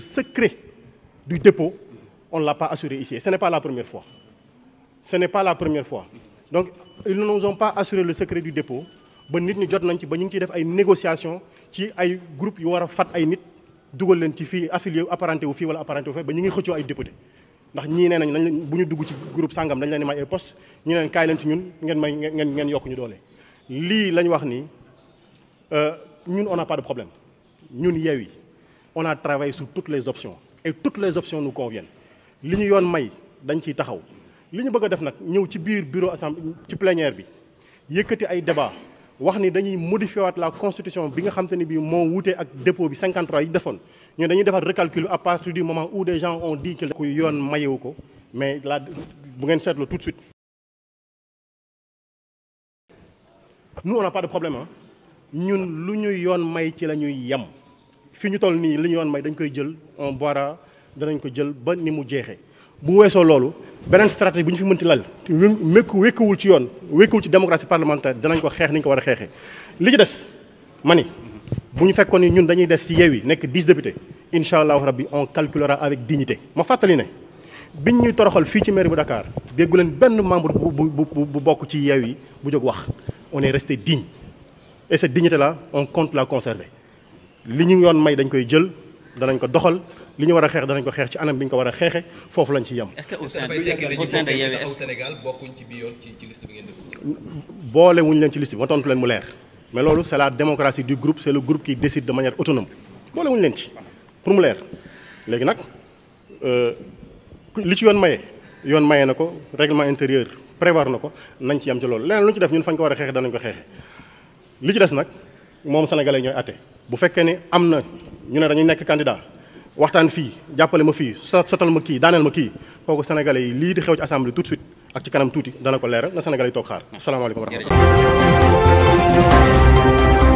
le secret du dépôt, on l'a pas assuré ici. Et ce n'est pas la première fois. Ce n'est pas la première fois. Donc, ils ne nous ont pas assuré le secret du dépôt. ba nit ñi jot nañ ci ba ñu ngi ciy def ay négociation ci ay groupe yu war a fat ay nit dugal leen ci fii affilié apparenté wu fii wala apparenté wu fee ba ñu ngi xëccoo ay député ndax ñi nee nañ nañ bu ñu dugg ci groupe sàngam dañ leen di may ay poste ñii neen kaay leen ci ñun ngeen may ngeen yokk ñu doole. lii lañ wax nii euh, ñun on n'a ñun yeew yi on a travaillé sur toutes les options et toutes les options nous conviennent li ñu yoon may dañ ciy taxaw li ñu bëgg def nag ñëw ci biir bureau assemblée ci plénière bi yëkkati ay débat wax ni dañuy modifier la constitution bi nga xam te bii moo wuute ak dépôt bi defoon ñun dañuy defar recalcul à partir du moment où des gens yoon mayewu ko mais la bu ngeen seetlu tout de suite. ñun lu ñuy yoon may ci la ñuy yem. fi ñu toll nii li ñu yoon may dañ koy jël on boira danañ ko jël ba ni mu jeexee bu weesoo loolu beneen stratégie bu ñu fi mënti lal wékku wékkuwul ci yoon wékkuwul ci démocratie parlementaire danañ ko xeex ni ñu ko war a xeexee li ci des ma ni bu ñu fekkoon ni ñun dañuy des ci yeew yi nekk 10 députés incha allahu rabbi on calculera avec dignité ma fàttali ne biñ ñuy toroxal fii ci maire bu Dakar déggu leen benn membre bu bu bu bokk ci yeew yi bu jóg wax on est resté digne et cette dignité là on compte la conserver li ñu yoon may dañ koy jël danañ ko doxal li ñu war a xeex danañ ko xeex ci anam bi ñu ko war a xeexe foofu lañ ci yem. est-ce que au sein au sein de Yewwi ci bi yoon leen ci liste bi ma tontu leen mu leer mais loolu c'est la démocratie du groupe c'est le groupe qui décide de manière autonome boole wuñ leen ci pour mu leer léegi nag euh, li ci yoon maye yoon maye na ko règlement intérieur prévoir na ko nañ ci yem ci loolu leneen lu ñu ci def ñun fañ ko war a xeexe danañ ko xeexe li ci des nag moom sénégalais ñooy àtte bu fekkee ne am na ñu ne dañuy nekk candidat waxtaan fii jàppale ma fii sotal ma kii daaneel ma kii kooku sénégalais yi lii di xew ci assemblée tout de suite ak ci kanam tuuti dana ko leeral na sénégalais yi toog xaar asalaamaaleykum wa rahmatulah